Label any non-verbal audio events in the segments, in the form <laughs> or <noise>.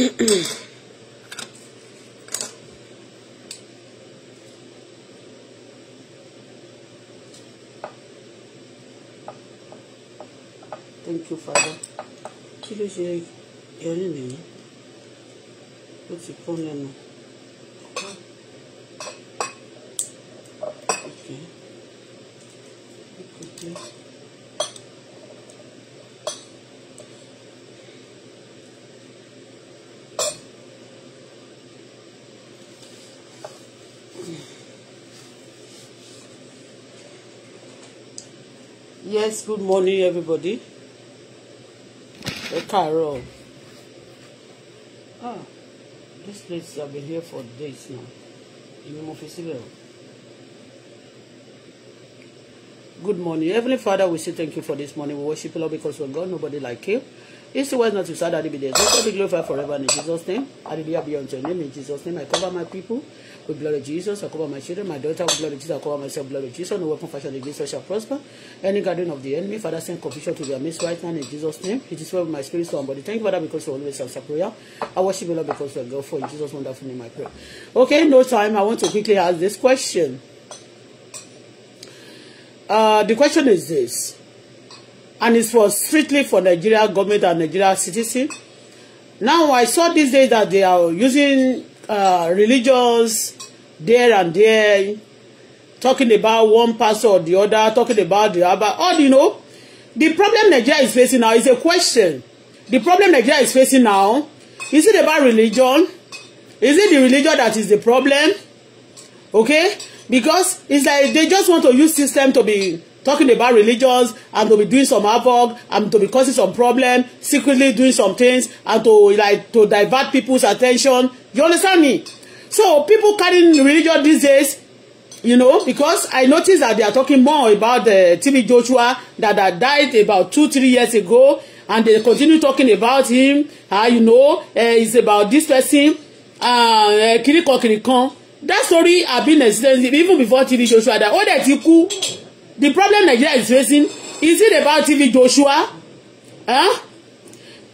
<coughs> Thank you, Father. Kí ló ṣe ẹrí nìyí? Ó ti pọ́n lẹ́nu. Yes, good morning, everybody. Ẹ Carol. Ah, this place I've been here for days now. Èmi mo fi sílẹ̀ Good morning. Heavenly Father, we say thank you for this morning. We worship you, Lord, because we're God, nobody like you. It's the wise not to sad that be there. Let God be glorified forever in Jesus' name. Hallelujah be unto your name in Jesus' name. I cover my people with blood of Jesus. I cover my children, my daughter with blood of Jesus. I cover myself blood of Jesus. No weapon fashioned against us shall prosper. Any garden of the enemy, Father, send confusion to their midst right now in Jesus' name. It is well with my spirit, soul, and body. Thank you, Father, because you always answer prayer. I worship you, Lord, because you are God. For in Jesus' wonderful name, I pray. Okay, no time. I want to quickly ask this question. Uh, the question is this, and it's for strictly for Nigeria government and Nigeria citizen. Now, I saw these days that they are using uh, religious there and there talking about one pastor or the other talking about the other all you know the problem Nigeria is facing now is a question the problem Nigeria is facing now is it about religion is it the religion that is the problem okay because it's like they just want to use system to be talking about religions and to be doing some havoc and to be causing some problem secretly doing some things and to like to divert people's attention you understand me So people carrying religion these days, you know, because I noticed that they are talking more about the TV Joshua that, that died about two, three years ago, and they continue talking about him. Uh, you know, uh, it's about this person, uh, Kiriko uh, Kirikon. That story have been extensive even before TV Joshua. That all that you cool. The problem Nigeria is facing is it about TV Joshua? Huh?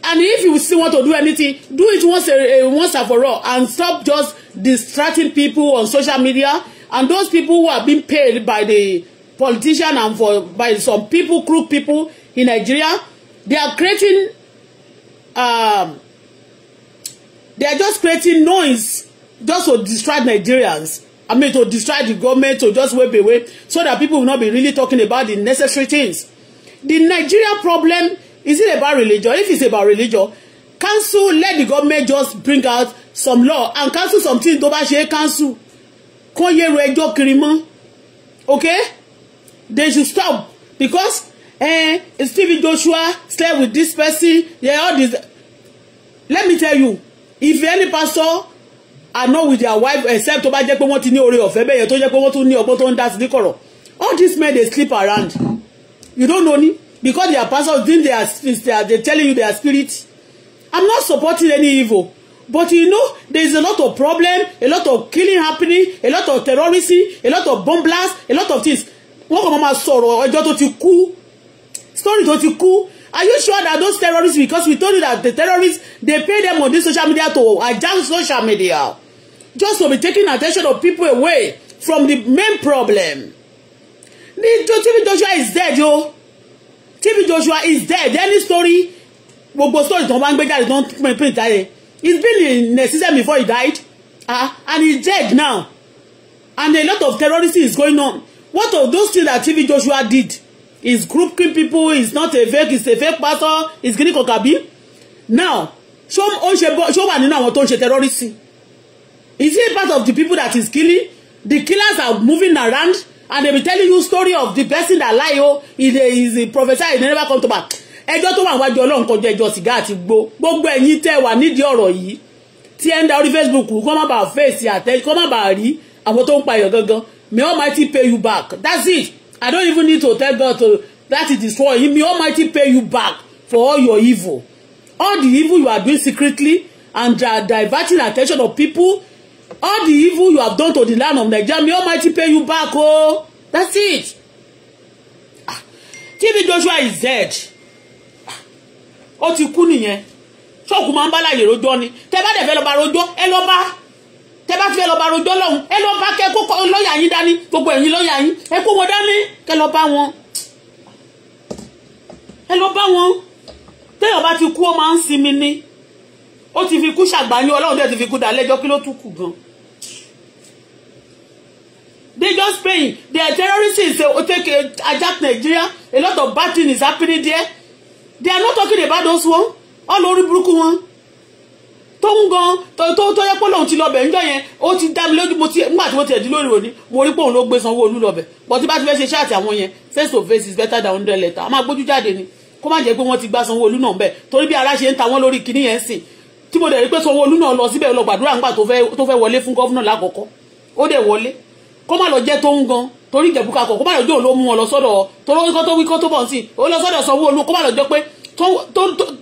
And if you still want to do anything, do it once a, a, once and for all, and stop just distracting people on social media. And those people who are being paid by the politician and for by some people, crook people in Nigeria, they are creating, um, they are just creating noise just to distract Nigerians. I mean, to distract the government to just wave away so that people will not be really talking about the necessary things. The Nigeria problem Is it about religion? If it's about religion, council let the government just bring out some law and council something tó bá ṣe council kó yé ro ẹjọ́ kiri mọ́ okay they should stop because eh, Stephen Joshua stay with this person yeah, all this let me tell you if any pastor are not with their wife except tó bá jẹ́ pé wọ́n ti ní oore ọ̀fẹ́ bẹ́ẹ̀ yẹn tó jẹ́ pé wọ́n tún ní ọgbọ́n tó ń dá sí ní kọ̀rọ̀ all these men dey sleep around you don't know ni because their are pastors then they are they telling you their spirit i'm not supporting any evil but you know there is a lot of problem a lot of killing happening a lot of terrorism a lot of bomb blasts, a lot of things wọn kàn máa sọ̀rọ̀ ọjọ́ you ti story don't you cool? are you sure that those terrorists because we told you that the terrorists they pay them on this social media to adjust social media just to be taking attention of people away from the main problem the jotibi joshua is dead yo. TV Joshua is dead any story gbogbo story tó bá ń gbé jáde tó ń pin pin jáde he's been in a system before he died uh, and he's dead now and a lot of terrorism is going on what of those things that TV Joshua did he's grouping people he's not a fake he's a fake pastor he's guinea kokabi now ṣó ó ṣe bọ́ ṣó wà nínú àwọn tó ń ṣe terrorism is he part of the people that is killing the killers are moving around and they be telling you story of the person that lie oh he dey he dey prophesy he never come to back ẹjọ́ tó wà wájú ọlọ́run kọjá ẹjọ́ sìgá àti gbó gbogbo ẹ̀yin tẹ́ wà nídìí ọ̀rọ̀ yìí tí ẹ ń da orí facebook kó má bàa face àtẹ kó má bàa rí àwọn tó ń pa èèyàn gangan may almighty pay you back that's it i don't even need to tell god to that is destroy him may almighty pay you back for all your evil all the evil you are doing secretly and uh, diverting attention of people all the evil you have done to the land of Nigeria may Almighty pay you back oh that's it ah, TB Joshua is dead Oti ah, ti kú nìyẹn ṣọ́ọ̀kù máa ń Teba láyè rojọ́ ni tẹ bá dẹ̀ fẹ́ lọ bá rojọ́ ẹ lọ bá tẹ bá fẹ́ lọ bá rojọ́ lọ́hùn ẹ lọ mo dani. kó lọ́ọ̀yà yín dání gbogbo ẹ̀yin lọ́ọ̀yà yín ti kú ó máa ń ó ti fi kú ṣàgbáyé ọlọ́run dẹ̀ ti fi kú dà lẹ́jọ́ kí ló tún kù gan. they just praying their terrorists is oh, take a attack Nigeria a lot of bad things is happening there they are not talking about those one all orí burúkú wọn tó ń gan tó tó tó yẹ pé lòun ti lọbẹ̀ níjọ́ yẹn ó ti dá mi lójú mo ti nígbà tí mo ti ẹ̀dín lórí òní mo rí pé òun ló gbé Sanwó-Olú lọbẹ̀ but tí bá ti fẹ́ ṣe iṣẹ́ àti àwọn yẹn face to face is better than hundred letter a máa gbójú jáde ni kó má jẹ́ pé wọ́n ti gbá Sanwó-Olú náà bẹ́ẹ̀ torí bí ara ṣe ń ta wọ́n lórí kinní yẹn sìn tí mo dẹ̀ rí pé Sanwó-Olú náà lọ síbẹ̀ lọ gbàdúrà ńgbà tó fẹ́ wọlé fún gọ́fúnà lákọ̀ọ́kọ́ ó dẹ̀ wọlé kó má lọ jẹ́ tó ń gan torí ìjẹ̀bú kakọ̀ kó má lọ jẹ́ òun ló mú wọn lọ sọ́dọ̀ torí wíkọ́ tó wíkọ́ tó bọ̀ sí ó lọ sọ́dọ̀ Sanwó-Olú kó má lọ jẹ́ pé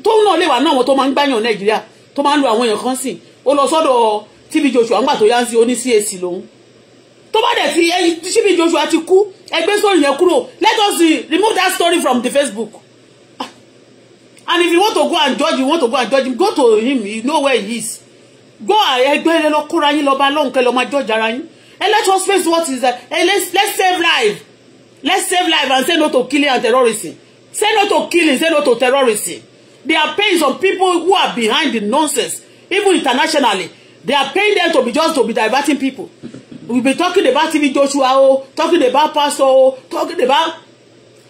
tó ń náà lè wà náà wọn tó máa ń gbáyàn Nàìjíríà tó máa ń lo àwọn èèyàn kan sí ó lọ sọ́dọ̀ TB Joshua ńgbà tó yá sí oní CAC lòun tó bá dẹ̀ ti TB Joshua ti kú ẹgbẹ́ sórí yẹn kúrò let us remove that story from the Facebook and if you want to go and judge you want to go and judge him go to him you know where he is go ẹgbẹ́ rẹ lọ kóra yín lọ́ba lọ́hùn kẹ́ lọ́ máa judge ara yín and let us face what is that eh, and let's, let's save life let's save life and say no to killing and terrorism say no to killing say no to terrorism they are paying some people who are behind the nonsense even internationally they are paying them to be just to be diverting people we be talking about TV Joshua o oh, talking about pastor o oh, talking about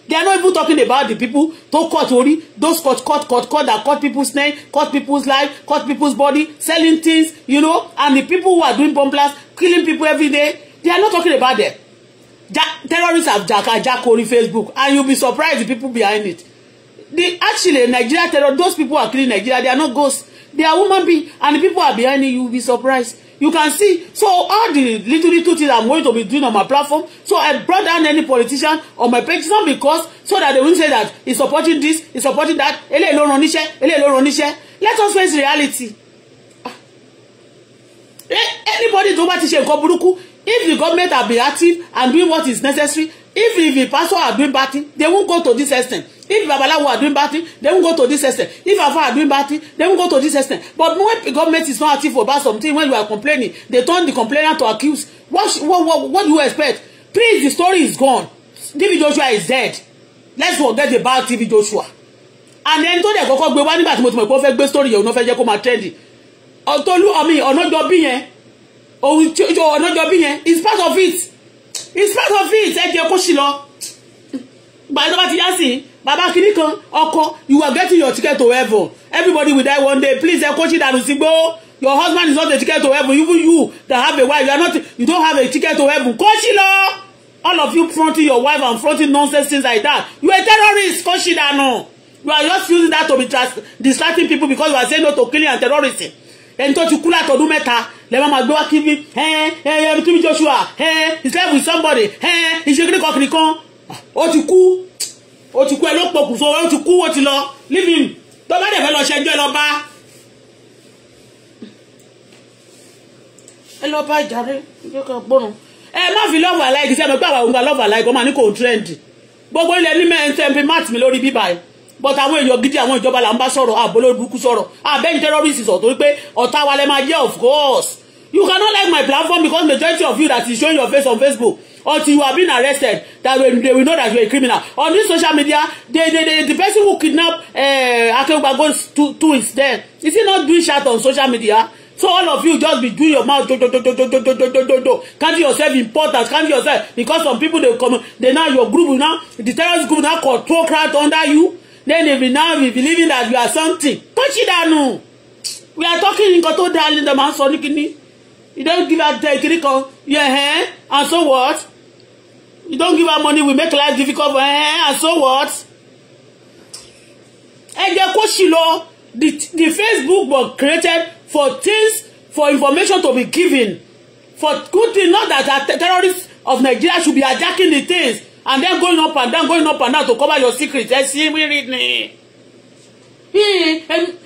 They are not even talking about the people to cut ori, those cut, cut, cut, cut that cut people's name, cut people's life, cut people's body, selling things, you know, and the people who are doing bomb blasts, killing people every day. They are not talking about them. Ja terrorists have jack ori Facebook, and you'll be surprised the people behind it. The actually Nigeria terror, those people are killing Nigeria. They are not ghosts. They are human beings, and the people are behind it. You'll be surprised. You can see, so all the little little things I'm going to be doing on my platform, so I brought down any politician on my page, not because, so that they won't say that he's supporting this, he's supporting that, ele lo ran iṣẹ́, ele lo ran iṣẹ́. Let us face reality. Ah. Eh, anybody tó bá ti ṣe nǹkan buruku. if the government have been active and doing what is necessary, If, if the pastor are doing bad thing, they won't go to this extent. If Babalawo are doing bad thing, they won't go to this extent. If Afa are doing bad thing, they won't go to this extent. But when government is not active about something, when you are complaining, they turn the complainant to accuse. What, what, what, what do you expect? Please, the story is gone. DB Joshua is dead. Let's forget about DB Joshua. And then tó dẹ̀ kọ́kọ́ gbé wá nígbà tí mo ti mọ̀ pé ó fẹ́ gbé story yẹn òun náà fẹ́ jẹ́ kó máa trendy. Ọ̀tọ́lú ọ̀mí ọ̀nàjọ́ bí yẹn òun ọ̀nàjọ́ bí yẹn is part of it in spite of it ẹ jẹ́ kó ṣì lọ gbàdúrà bá ti yá sí bàbá kìíní kan ọkọ you are getting your ticket to heaven everybody will die one day please ẹ kó ṣì dànù sígbó your husband is not a ticket to heaven even you that have a wife you are not you don't have a ticket to heaven kó ṣì lọ all of you fronting your wife and fronting nonsense things like that you are a terrorist kó ṣì dànù you are just using that to be distracting people because you are saying no to killing and terrorism ẹni tó ti kú látọdún mẹ́ta lẹ́wọ́n máa gbé wá kí bí ẹ ẹ túnbí Joshua ẹ he's left with somebody ẹ ìṣègùn kan kìnìkan ó ti kú ó ti kú ẹ ló pokùn so ó ti kú ó ti lọ leave him tó bá dẹ̀ fẹ́ lọ ṣẹjọ́ ẹ lọ bá ẹ lọ bá ìjàre ìjọba gbọ́nà ẹ má fi love alike sẹ́mi pé àwọn òun gba love alike wọ́n máa ní kò trend gbogbo ilẹ̀ ní mẹ́rin tẹ́ ń fi máàtì mi lórí bíbá yìí but àwọn èèyàn gidi àwọn ìjọba là ń bá sọ̀rọ̀ àbólódùkú sọ̀rọ̀ àbẹ́yìn terrorist sọ̀rọ̀ torí pé ọ̀tá wa lẹ́ máa jẹ́ of course you cannot like my platform because majority of you that is showing your face on Facebook until you are being arrested that way they will know that you are a criminal on this social media they they they the person who kidnap uh, Akeugbago's two twins there is he not doing shout on social media so all of you just be doing your mouth do do do do do do do do do do count yourself important count yourself because some people dey come dey now your group now the terrorist group now control crowd under you then they will now be believing that you are something tó ṣì dànù we are talking in koto darling the man sọ ní you don't give her the critical, kan yeah, eh? and so what you don't give her money we make life difficult for eh? her and so what And jẹ́ kó ṣì the the Facebook was created for things for information to be given for good thing not that terrorists of Nigeria should be attacking the things and then going up and down going up and down to cover your secrets. secret ẹ sí rírì ni. Hmm,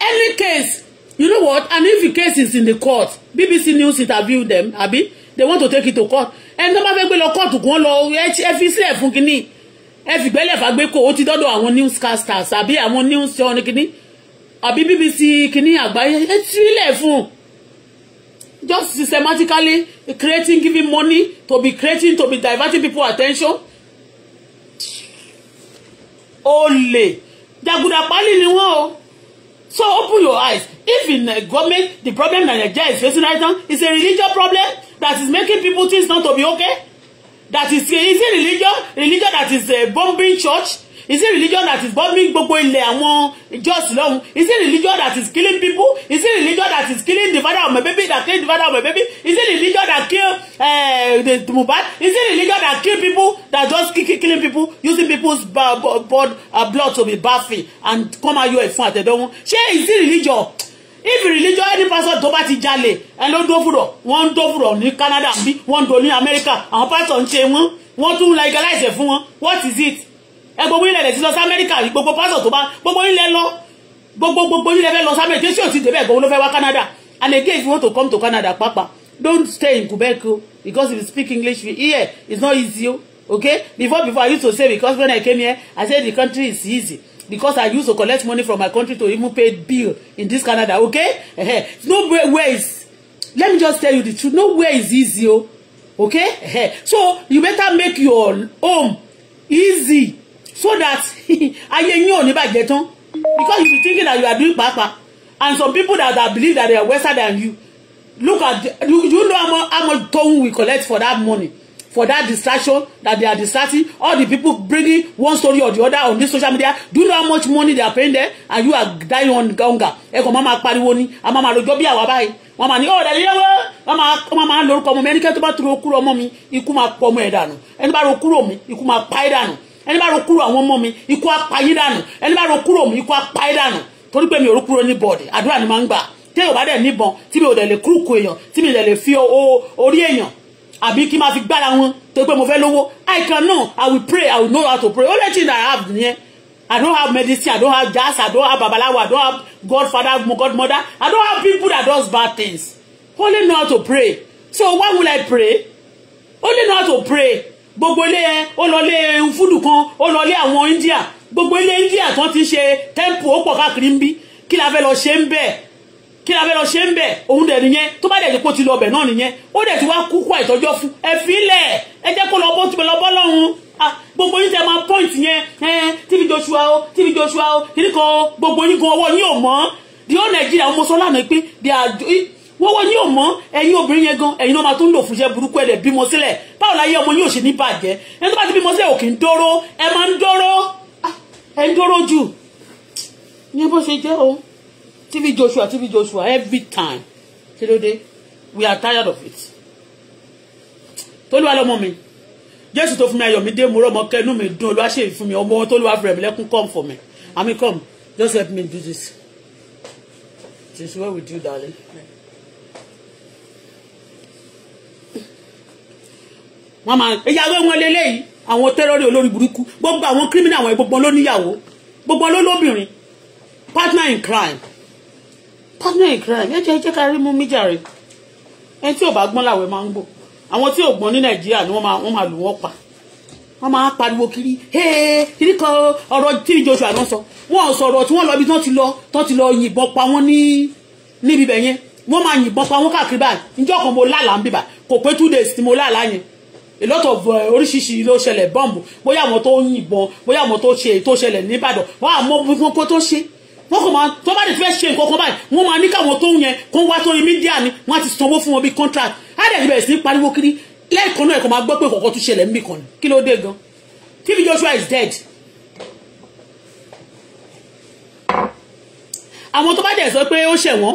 any case you know what and if the case is in the court BBC News interview them abi they want to take it to court And ẹni tó bá fẹ́ gbé lọ kóòtù kan lọ you fi sílẹ̀ fún kínní ẹ fìgbẹ́lẹ̀ fàgbékò ó ti dọ́dọ̀ àwọn newscasters àbí àwọn news ọ̀nìkínní àbí BBC kínní àgbáyé ẹ ti sílẹ̀ fún un just systematically creating giving money to be creating to be diverting people attention olè jàgùdà pálí ni wọ́n o so open your eyes if in uh, government the problem that Nigeria is facing right now is a religious problem that is making people think not to be okay that is is it religious religion that is uh, bombing church is it religion that is bombing gbogbo ilẹ̀ àwọn jọ́ọ̀sì lọ́hùn is it religion that is killing people is it religion that is killing the father of my baby that killing the father of my baby is it religion that kill uh, the Mohbad is it religion that kill people that just kill, killing people using people's blood, uh, blood to be bathing and come out here fún àtẹ̀dọ́wọ́n ṣé is it religion if religion any pastor tó bá ti jalè ẹ ló dó fúrọ̀ wọ́n ń dó fúrọ̀ ní Canada bí wọ́n ń do ní America àwọn pastor ń ṣe wọ́n wọ́n tún legalize fún wọn what is it ẹ gbogbo ilẹ̀ lẹ̀ sí lọ sí amẹ́ríkà gbogbo pásọ̀ tó bá gbogbo ilẹ̀ lọ gbogbo gbogbo ilẹ̀ fẹ́ lọ sí amẹ́ríkà tí ó sì débẹ̀ gbogbo ló fẹ́ wá canada and again if you want to come to canada papa don't stay in quebec o oh, because if you speak english here it's not easy o oh, okay before before i used to say because when i came here i said the country is easy because i used to collect money from my country to even pay bill in this canada okay No where is let me just tell you the truth No nowhere is easy o oh, okay so you better make your home easy so that <laughs> ayé yín ò ní bàjẹ́ tán because you be thinking that you are doing pàápàá and some people that are believe that they are wiser than you look at the, you, you know how much, how much tone we collect for that money for that distraction that they are distracting all the people bringing one story or the other on this social media do you know how much money they are paying there and you are dying on hunger ẹ kàn máa ma pariwo ni a mama ma lọ́jọ́ bí àwa báyìí wọ́n máa ní ọ̀ dàdí yẹ́wọ́ wọ́n máa wọ́n máa lórúkọ ọmọ mi ẹnikẹ́ni tó bá turo kúrò ọmọ mi ikú máa pọ̀ ọmọ ẹ̀ dànù ẹni bá ro kúrò mi ikú máa pa ẹ̀ dànù ẹni bá ro kúrò àwọn ọmọ mi ikú apayé dànù ẹni bá ro kúrò mi ikú apayé dànù torí pé mi ò ro kúrò ní bọ̀dì àdúrà ni máa ń gbà tí èèyàn bá dẹ̀ níbọn tí mi ò dẹ̀ lè kúrùkù èèyàn tí mi ò dẹ̀ lè fi orí èèyàn àbí kí n máa fi gbára wọn torí pé mo fẹ́ lówó I can know I will pray I will know how to pray only thing I have nìyẹn I don't have medicine I don't have jazz I don't have babalawo I don't have godfather godmother I don't have people that does bad things only know how to pray so why would I pray only know how to pray gbogbo ilé ẹ ó lọ lé fúdù kan ó lọ lé àwọn India gbogbo ilé India tó ti ṣe tẹ́ǹpù ó pọ̀ káàkiri ń bí kí la fẹ́ lọ ṣe ń bẹ̀ kí la fẹ́ lọ ṣe ń bẹ̀ òun dẹ̀ nìyẹn tó bá dẹ̀ ti kó ti lọ bẹ̀ náà nìyẹn ó dẹ̀ ti wá kú kú àìtọ́jọ́ fún ẹ fílẹ̀ ẹ jẹ́ kó lọ bó ti lọ bọ́ lọ́hùn ah, gbogbo yín tẹ máa point yẹn tíbi Joshua o tíbi Joshua o kìnnì kan gbogbo yín gan ọwọ́ yín ò mọ́ di ó Nàìjíríà mo sọ lánàá pé wọ́wọ́ yín ò mọ́ ẹ̀yin obìnrin yẹn gan ẹ̀yin náà máa tún lò fúnṣẹ́ burúkú ẹ̀ dẹ̀ bímọ sílẹ̀ báwo la yé ọmọ yóò ṣe ní bàjẹ́ ẹni tó bá ti bímọ sílẹ̀ òkè ń dóró ẹ máa ń dóró ah, ẹ ń dóró jù ní bó ṣe jẹ́ o TV Joshua TV Joshua every time kí ló dé we are tired of it tolúwa lọmọ mi jésù tó fún mi ayọ̀ mi dé mo rọ́ ọmọ kẹ́nu mi dùn olúwa ṣe ìfún mi ọmọ wọn tolúwa mi lẹ́kún come for me I mean come just help me do this this is what we do darling. Yeah. wọ́n máa ìyàwó wọn lélẹ́yìí àwọn tẹ́rọ́rì olórí burúkú gbogbo àwọn kírímìnà àwọn gbogbo ló níyàwó gbogbo ló lóbìnrin partner in crime partner in crime ẹ jẹ́ ẹ jẹ́ ká rí mú mi jàre ẹni tí ò bá gbọ́n làwẹ̀ máa ń gbò àwọn tí ò gbọ́n ní nàìjíríà ni wọ́n máa wọ́n máa lù wọ́n pa wọ́n máa pariwo kiri ee kiri kan ọ̀rọ̀ tí joshua náà sọ wọ́n sọ̀rọ̀ tí wọ́n lọ ibi tán ti lọ tán ti lọ yìnbọn pa wọ́n ní níbi bẹ̀ yẹn wọ́n máa yìnbọn pa wọ́n káàkiri báyìí níjọ́ kan mo lálàá ń bíbà kò pé two days tí mo lálàá yẹn a lot of eh, oríṣiríṣi ló ṣẹlẹ̀ bọ́ǹbù bóyá àwọn tó ń yìnbọn bóyá àwọn tó ṣe tó ṣẹlẹ̀ nìbàdàn wọ́n àmọ́ gbogbo kó tó ṣe wọ́n kò máa tó bá lè fẹ́ ṣe nǹkan kan báyìí wọ́n máa ní káwọn tó ń yẹn kó wá sórí mídíà ni wọ́n ti sanwó fún wọn bíi contract ádẹ̀ ti bẹ̀rẹ̀ sí pariwo kiri lẹ́ẹ̀kan náà ẹ̀kọ́ máa gbọ́ pé kọ̀ọ̀kan tún ṣẹlẹ̀ níbì kan ni kí ló dé gan TB Joshua is dead àwọn tó bá dẹ̀ sọ pé ó ṣẹ̀ wọ́n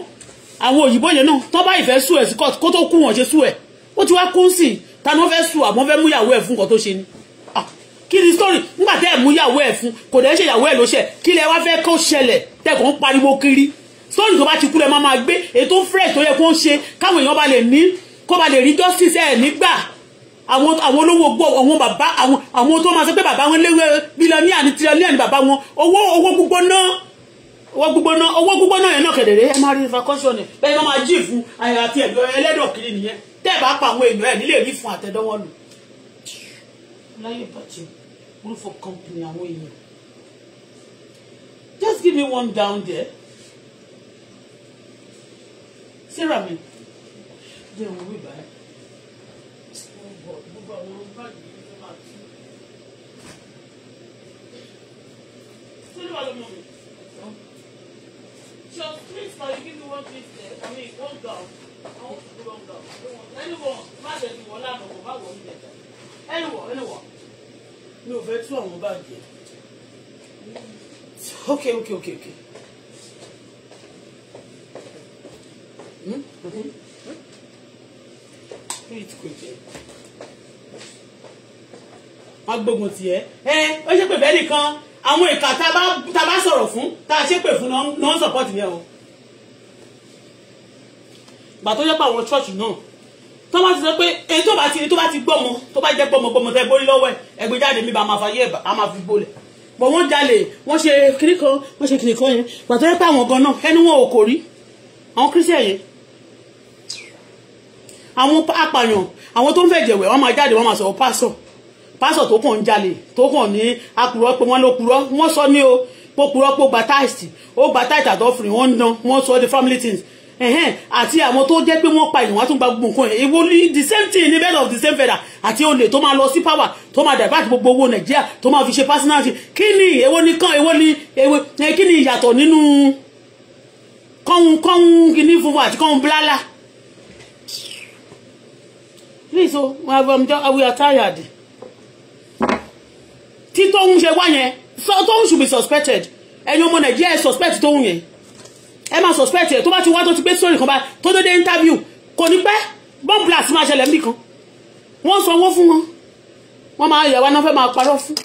àwọn òyìnbó yẹn náà tó bá ìfẹ́ sùn ẹ̀ sí court kó tó kú wọn ṣe sùn ẹ̀ ó ti wá kún sí ta ni wọ́n fẹ́ sùn àmọ́ fẹ́ mú ìyàwó ẹ̀ fún nǹkan tó ṣe ni ah, kí ni story nígbà tẹ́ ẹ̀ mú ìyàwó ẹ̀ fún kò dẹ́ ṣe ìyàwó ẹ̀ ló ṣẹ̀ kí lẹ wá fẹ́ kó ṣẹlẹ̀ tẹ́ kàn ń pariwo kiri story tó bá ti kú lẹ máa máa gbé ètò fresh tó yẹ kó ń ṣe káwọn èèyàn bá lè ní kó bá lè rí justice ẹ̀ nígbà àwọn àwọn olówó gbọ́ àwọn bàbá àwọn àwọn tó máa sọ pé bàbá wọn léwé bílíọ̀nìyà ní tírílíọ̀nì ní bàbá wọn owó owó gbígbóná owó gbígbóná owó gbígbóná yẹn náà kẹ̀dẹ̀rẹ́ ẹ máa rí infrastructure ni bẹ́ẹ̀ ni wọ́n máa jí fún àyà àti ẹ̀dọ̀ ẹlẹ́dọ̀ kiri nìyẹn tẹ́ bá pa àwọn èèyàn ẹ̀ nílé rí fún àtẹ́dọ́wọ́ lò. láyé bàjẹ́ orúfọ kọ́mpìnì àwọn èèyàn just give me one down there sarah mi jẹ́ òun wí báyìí. just please na you give me one drink there i mean one down mi ò fẹ́ tú àwọn báàgì ẹ̀ ok ok ok ok. Mm -hmm. Eat quickly. Wọ́n gbógun tiẹ̀. Ẹ ó ṣépè bẹ́ẹ̀ nìkan àwọn ìka tá a bá sọ̀rọ̀ fún tá a ṣépè fún náà ń sọ̀pọ̀tì yẹn o gbà tó yẹ pé àwọn ṣọ́ọ̀ṣì náà tó bá ti sọ pé èyí tó bá ti tó bá ti gbọ́mọ tó bá jẹ́ gbọ́mọ gbọ́mọ tẹ́ gbórí lọ́wọ́ ẹ̀ ẹgbẹ́ jáde mi bá máa fa yé ẹ̀ bá máa fi gbólẹ̀ bọ̀ wọ́n jalè wọ́n ṣe kiri kan wọ́n ṣe kiri kan yẹn gbà tó yẹ pé àwọn gan náà ẹni wọn ò kò rí àwọn kírísítẹ̀ yẹn àwọn apààyàn àwọn tó ń fẹ́ jẹ̀wẹ̀ wọ́n máa jáde wọ́n máa sọ̀rọ̀ pásọ̀ pásọ̀ tó kàn ń jalè tó kàn ní akùrọ̀ pé wọ́n ló purọ́ wọ́n sọ ní o pé purọ́ pé ó gba táìsì ó gba táìsì àtọ́fìrì wọ́n ń dán wọ́n sọ the family things àti àwọn tó jẹ́ pé wọ́n pa èèyàn wá tún gba gbogbo nǹkan èwo ní the same thing ní bed of the same feather àti olè tó máa lọ sí power tó máa divert gbogbo owó nàìjíríà tó máa fi ṣe personality kí ni èwo ni kán èwo ni èwo kí ni ìyàtọ̀ nínú kọ́hún kọ́hún kìíní funfun àti kọ́hún blálà please o oh, um, uh, we are tired tí tóun ṣe wá yẹn tóun should be suspected ẹ̀yin ọmọ nàìjíríà suspect tóun yẹn ẹ máa suspect ẹ tó bá ti wá tó ti gbé sórí kan bá tó dédé interview kò ní pẹ́ bomb blast máa ṣẹlẹ̀ níbì kan wọ́n sanwó fún wọn wọ́n máa yà wá náà fẹ́ máa parọ́ fún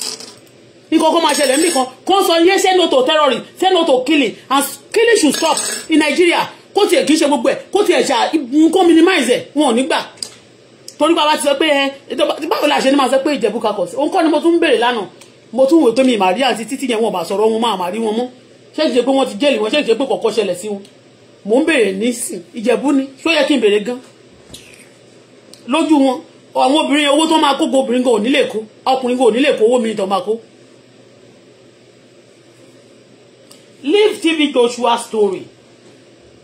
nǹkan kan máa ṣẹlẹ̀ níbì kan kó sọ yé say to terrorism say no to killing and killing should stop in Nigeria kó tiẹ̀ kì í ṣe gbogbo ẹ̀ kó tiẹ̀ ṣà kó minimize ẹ̀ wọn ò ní gbà torí bàbá ti sọ pé ẹ báwo la ṣe ni máa sọ pé ìjẹ̀bú kakọ̀ sí òun kọ́ ni mo tún ń béèrè lánàá mo tún wò pé mi ìmàrí àti títí yẹn wọn ò bá sọ̀rọ̀ wọn máa màrí wọn mọ́ ṣé kìí ṣe pé wọ́n ti jẹ́lì wọn ṣé kìí ṣe pé kọ̀ọ̀kọ́ ṣẹlẹ̀ sí wọn mò ń béèrè nísìn ìjẹ̀bú ni ṣó yẹ kí n béèrè gan lójú wọn àwọn obìnrin owó tó máa kó go obìnrin gan ò ní kó ọkùnrin gan ò ní kó owó mi ìtàn máa kó. leave tv joshua story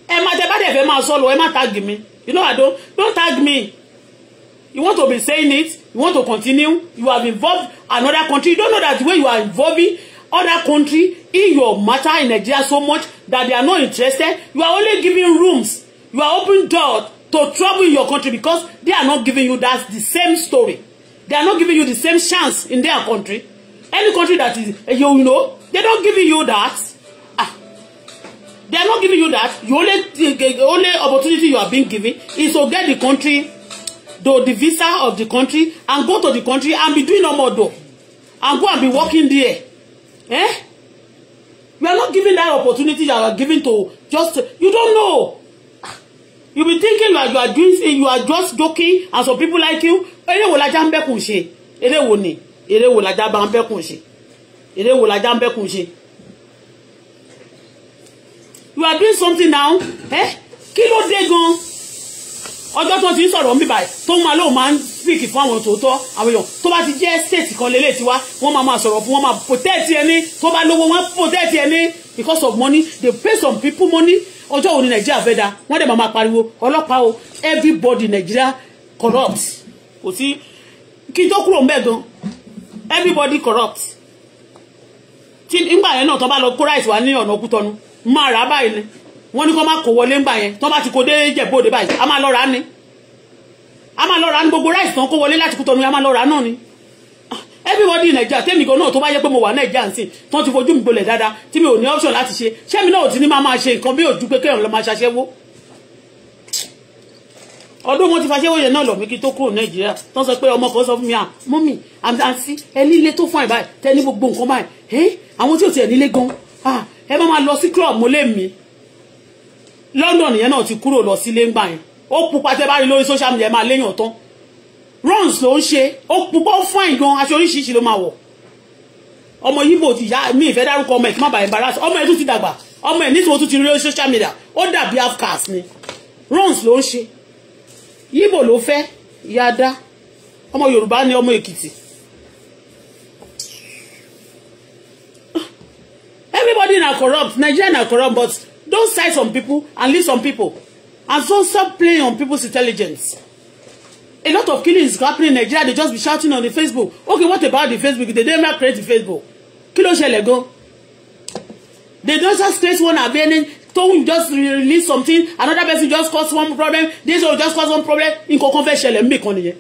ẹ máa tẹ bá dẹ̀ fẹ́ máa sọ lọ ẹ má tag mi you know i don't don't tag me you want to be saying it you want to continue you have involved another country you don't know that the way you are involving other country in your matter in Nigeria so much that they are not interested. You are only giving rooms. You are open doors to trouble your country because they are not giving you that. the same story. They are not giving you the same chance in their country. Any country that is, eh, you know, they don't give you that. Ah. They are not giving you that. The only, the only opportunity you are being given is to get the country, the, the visa of the country, and go to the country and be doing no more though. And go and be working there. Eh? We are not giving that opportunity you are giving to just you don't know. You be thinking that you are doing you are just joking and some people like you. Eléwo lajá ń bẹ́kùn ṣe. Eléwo ni. Eléwo lajá bá ń bẹ́kùn ṣe. Eléwo lajá ń bẹ́kùn ṣe. You are doing something now. Eh? Kí ló dé ọjọ́ tó ti ń sọ̀rọ̀ ń bíbà tó máa lóun máa ń speak fún àwọn tòótọ́ àwọn èèyàn tó bá ti jẹ́ state kan lélẹ̀ tiwa wọ́n máa máa sọ̀rọ̀ fún wọn máa protect ẹni tó bá lówó wọn protect ẹni because of money they pay some people money ọjọ́ òní nàìjíríà fẹ́ da wọ́n dẹ̀ máa máa pariwo ọlọ́pàá o everybody nàìjíríà corrupt kò sí kí n tó kúrò mbẹ́ gan everybody corrupt tí nígbà yẹn náà tó bá lọ kó ráìsì wá ní ọ̀nà òkútọ́nu máa rà báyìí ni wọ́n ní kó má kó wọlé ńgbà yẹn tó bá ti kó dé jẹ̀bóde báyìí a máa lọ rà ni a máa lọ rà á ní gbogbo ráìsì tán kó wọlé láti Kútọ̀nù a máa lọ náà ni everybody in Nigeria tèmi gan náà tó bá yẹ pé mo wà Nigeria nsìn tán ti fojú mi gbolẹ̀ dáadáa tí mi ò ní option láti ṣe ṣé mi náà ò ti ní máa máa ṣe nǹkan bí òjú pé kéèyàn lọ máa ṣaṣẹ́wó ọdún wọn ti faṣẹ́wó yẹn náà lọ mí kí tó kúrò Nàìjíríà tán sọ pé ọmọ kan sọ fún mi à ah, mọ́mì àǹtí ẹ nílé tó fún àìbáyìí tẹ ní gbogbo nǹkan báyìí àwọn tí ò tiẹ̀ nílé gan ah, ẹ bá máa lọ sí club mo lé mi London yẹn náà ti kúrò lọ sílé ńgbà yẹn ó pupa tẹ́ bá rí lórí social media máa léyàn tán runs ló ń ṣe ó pupa ó fine gan aṣọ oríṣiríṣi ló máa wọ̀ ọmọ yíbo ti yá mi ìfẹ́ dárúkọ ọmọ ẹ̀ kí má bàa embarrass ọmọ ẹ̀ tún ti dàgbà ọmọ ẹ̀ nítorí tún ti rí lórí social media ó dàbí afcas ni runs ló ń ṣe yíbo ló fẹ́ ìyá dá ọmọ yorùbá ni ọmọ èkìtì everybody na corrupt nigeria na corrupt but Don't side some people and leave some people. And so stop playing on people's intelligence. A lot of killings is happening in Nigeria. They just be shouting on the Facebook. Okay, what about the Facebook? They never create the Facebook. Kí ló ṣẹlẹ̀ They don't just create one event and Tone just release something. Another person just cause one problem. This will just cause one problem. in kan fẹ́ ṣẹlẹ̀ mí kan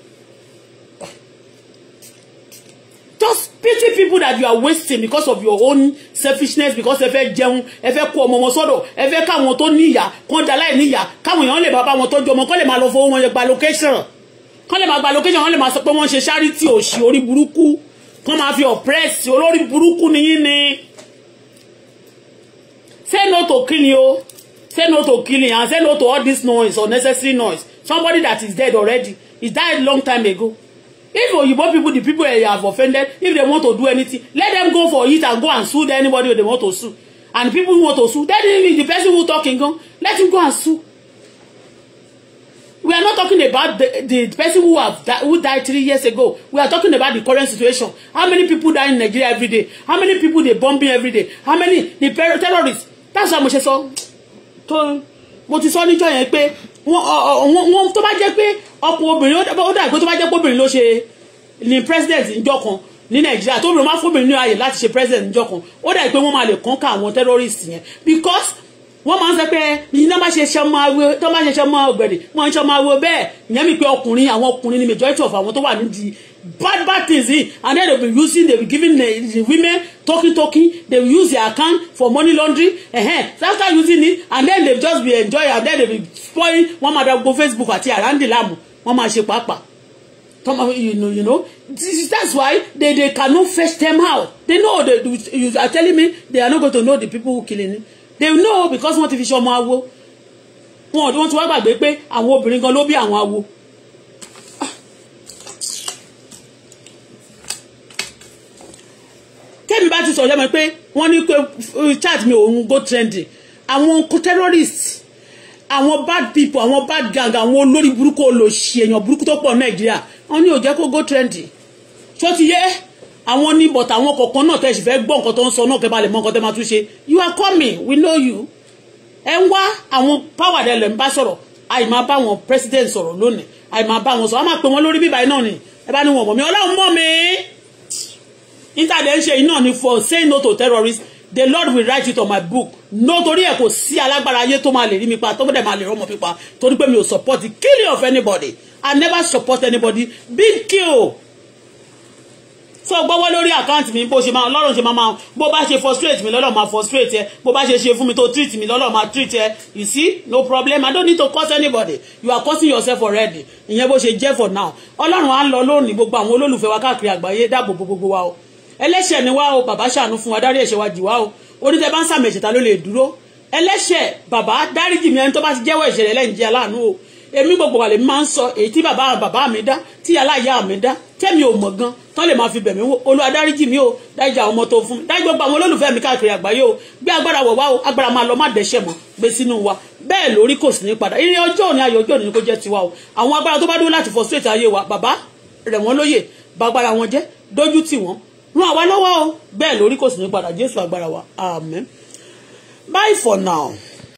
pity people that you are wasting because of your own selfishness because ẹ fẹ́ jẹun ẹ fẹ́ kó ọmọ wọn sọ́dọ̀ ẹ fẹ́ káwọn tó níyà kán da láì níyà káwọn èèyàn lè bàbá wọn tọ́jú ọmọ kán lè máa lọ fowó wọn gba location kán lè máa gba location kán lè máa sọ pé wọ́n ṣe charity òṣì orí burúkú kán máa fi oppress olórí burúkú nìyí ni say no to killing o say no to killing and say no to all this noise unnecessary noise somebody that is dead already he died long time ago. If you Oyibo people, the people you have offended, if they want to do anything, let them go for it and go and sue anybody they want to sue. And people who want to sue, that is the person who talking, let him go and sue. We are not talking about the, the person who have di who died three years ago. We are talking about the current situation. How many people die in Nigeria every day? How many people they bombing every day? How many the terrorists? That's what mo ṣe sọ. Mo ti sọ níjọ́ yẹn pé wọn tó bá jẹ́ pé ọkọ obìnrin ó dàgbé tó bá jẹ́ pé obìnrin ló ṣe ni president níjọ́ kan ní nàìjíríà tó obìnrin máa fún obìnrin ní ààyè láti ṣe president níjọ́ kan ó dàgbé pé wọ́n máa lè kọ́ńkà àwọn terrorist yẹn because wọ́n máa ń sọ pé ìyìn náà bá ṣe ṣe máa wo tó bá ṣe ṣe máa ọ̀gbẹ̀rì wọ́n ṣe máa wo bẹ́ẹ̀ ìyẹn mi pé ọkùnrin àwọn ọkùnrin ni majority of àwọn tó wà nídìí bad bad things in eh? and then they'll be using they'll be giving the, the women talking talking they'll use their account for money laundering uh-huh. after using it and then they'll just be enjoying and then they'll be spoiling One máa go facebook àti àràǹdì the lamb, one man pàápàá papa. you know you know this, that's why they they cannot fetch them out they know they you are telling me they are not going to know the people who killing them they know because wọn ti fi ṣe ọmọ awo wọn don't wọn ti wá gbàgbé pé àwọn obìnrin gan ló bí àwọn awo. tẹ́mi bá ti sọ̀rọ̀ yẹ́mọ̀ pé wọ́n ní pé uh, chat mi òun go trending àwọn terrorist àwọn bad people àwọn bad gang àwọn olórí burúkú olòṣì èèyàn burúkú tó pọ̀ nàìjíríà wọ́n ní ó kó go trending tó ti yé àwọn ní bọ̀tà àwọn kọ̀ọ̀kan náà tẹ̀sí fẹ́ gbọ́ nǹkan tó ń sọ náà kẹ́ bá lè mọ nǹkan tẹ́ máa tún ṣe you are coming we know you ẹ ń wá àwọn power rẹ lẹ̀ ń bá sọ̀rọ̀ àì máa bá àwọn president sọ̀rọ̀ lónìí àì máa bá wọn sọ̀rọ̀ a máa pè wọ́n lórí bíbáyìí náà ni ẹ bá ní wọn mọ̀ mí ọlọ́run mọ̀ mí ìtàdé ń ṣe iná ni for say no to terrorists the lord will write it on my book no torí ẹ kò sí alágbára ayé tó máa lè rí mi pa tó bẹ́ẹ̀ máa lè rọ́mọ mi pa torí pé mi ò support the killing of anybody i never support anybody Big killed so gbọ́wọ́ lórí àkáǹtì mi bó ṣe máa lọ́rùn ṣe máa máa bó bá ṣe frustrate mi lọ́lọ́ máa frustrate ẹ bó bá ṣe ṣe fún mi tó treat mi lọ́lọ́ máa treat ẹ you see no problem i don't need to cause anybody you are causing yourself already ìyẹn bó ṣe jẹ́ for now ọlọ́run á lọ lónìí gbogbo àwọn olólùfẹ́ wa káàkiri àgbáyé dáàbò gbogbo wa o ẹlẹ́ṣẹ̀ ni wá o bàbá ṣàánú fún wa dárí ẹ̀ṣẹ̀ wa jì wá o oníṣẹ́ bá ń sàmì ẹ̀ṣẹ̀ ta ló lè dúró ẹlẹ́ṣẹ̀ bàbá dáríjì mi ẹni tó bá ti jẹ́wọ́ ẹ̀ṣẹ̀ rẹ̀ lẹ́yìn jẹ́ aláàánú o èmi gbogbo àlè máa ń sọ èyí tí bàbá bàbá mi dá tí aláìyá mi dá tẹ́mi ò mọ̀ gan tán lè máa fi bẹ̀mí wò Olúwa dáríjì mi o dáríjì àwọn ọmọ tó fún mi dáríjì gbogbo àwọn olólùfẹ́ mi káàkiri àgbáyé o gbé agbára wọ̀ wá o agbára máa lọ má dẹ́ṣẹ̀ mọ́ gbé sínú wa bẹ́ẹ̀ lórí kò sí ní padà ìrìn ọjọ́ òní ayọ̀ ọjọ́ òní ni kò jẹ́ tiwa o àwọn agbára tó bá dúró láti frustrate ayé wa bàbá rẹ̀ wọ́n lóye bàgbára wọn jẹ́ dójú tì wọ́n ràn wá lọ́wọ́ o bẹ́ẹ̀ lórí kò sì ní padà Jésù agbára wa amen bye for now.